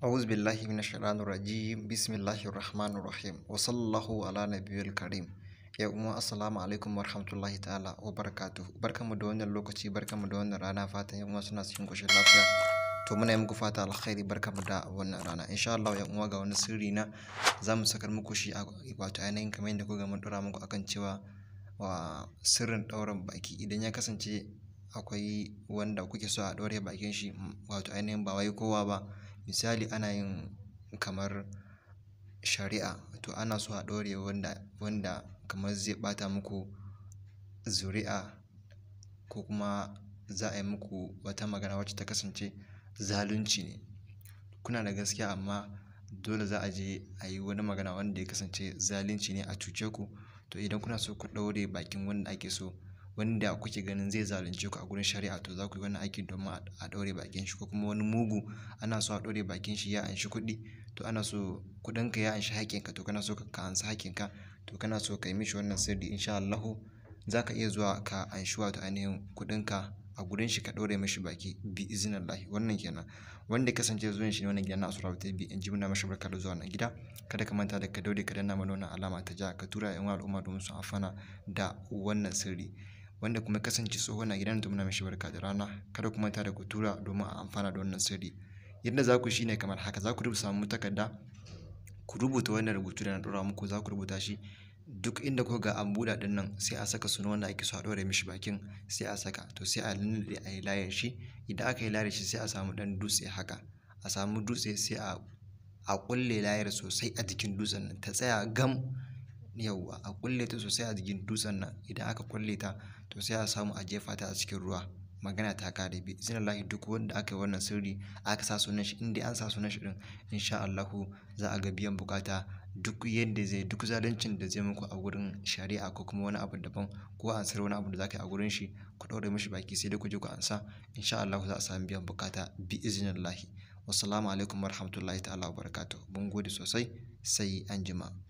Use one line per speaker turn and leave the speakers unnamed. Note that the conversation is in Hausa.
أعوذ بالله من الشيطان rajim. بسم الله الرحمن الرحيم وصلى الله على نبي الكريم ya umma assalamu alaikum warahmatullahi ta'ala wa barakatuh barkamu da wannan lokaci barkamu da wannan rana fatan ya umma suna cikin koshin lafiya to muna yi muku fata alkhairi barkamu da wannan rana insha Allah ya umma ga wani sirri na za mu sakar muku shi a wato ainihin kamar yadda kuka mun dora muku akan cewa wa sirrin ɗaurin baki idan ya kasance akwai wanda kuke so a ɗaure bakin shi wato ainihin ba wai kowa ba Misali ana yin kamar shari'a to ana so a ɗore wanda kamar zai ɓata muku zuri'a ko kuma za a yi muku wata magana wacce ta kasance zalunci ne. Kuna da gaskiya amma dole za a je a yi wani magana wanda ya kasance zalunci ne a cuce ku. To idan kuna so ku ɗaure bakin wanda ake so wanda kuke ganin zai zalunce ku a gurin shari'a to za ku yi wannan aikin domin a ɗaure bakin shi ko kuma wani mugu ana so a ɗaure bakin shi ya anshi kuɗi to ana so kuɗinka ya anshi haƙƙinka to kana so ka ansa haƙƙinka to kana so ka yi mishi wannan sirri insha Allahu za ka iya zuwa ka anshi wato ainihin kuɗinka a gurin shi ka ɗaure mishi baki bi lahi wannan kenan wanda kasance zuwan shi ne wannan gida na asura ta bi in ji muna mashi barka da zuwa nan gida kada ka manta da ka daure ka danna mana wannan alama ta ja ka tura yan al'umma domin su afana da wannan sirri wanda kuma kasance tsoho na gidan tumuna mai barka da rana kada kuma ta da ku tura domin a amfana da wannan sirri yadda za ku shi ne kamar haka za ku rubuta samu takarda ku rubuta wannan rubutu da na ɗora muku za ku rubuta shi duk inda kuka ga an buɗa ɗin nan sai a saka suna wanda ake so a ɗora mishi bakin sai a saka to sai a lalle a yi layar shi idan aka yi layar shi sai a samu ɗan dutse haka a samu dutse sai a a ƙulle layar sosai a jikin dutsen nan ta tsaya gam yauwa a kulle ta sosai a jikin dutsen nan idan aka kulle ta to sai a samu a jefa ta a cikin ruwa magana ta kare bi lahi duk wanda aka yi wannan sirri aka sa sunan shi inda an sa sunan shi din insha Allahu za a ga biyan bukata duk yadda zai duk zaluncin da zai muku a gurin shari'a ko kuma wani abu daban ko an sar wani abu da zaka yi a gurin shi ku daure mishi baki sai dai ku je ku ansa insha Allahu za a samu biyan bukata bi izinillahi wassalamu alaikum warahmatullahi ta'ala wabarakatuh mun gode sosai sai anjima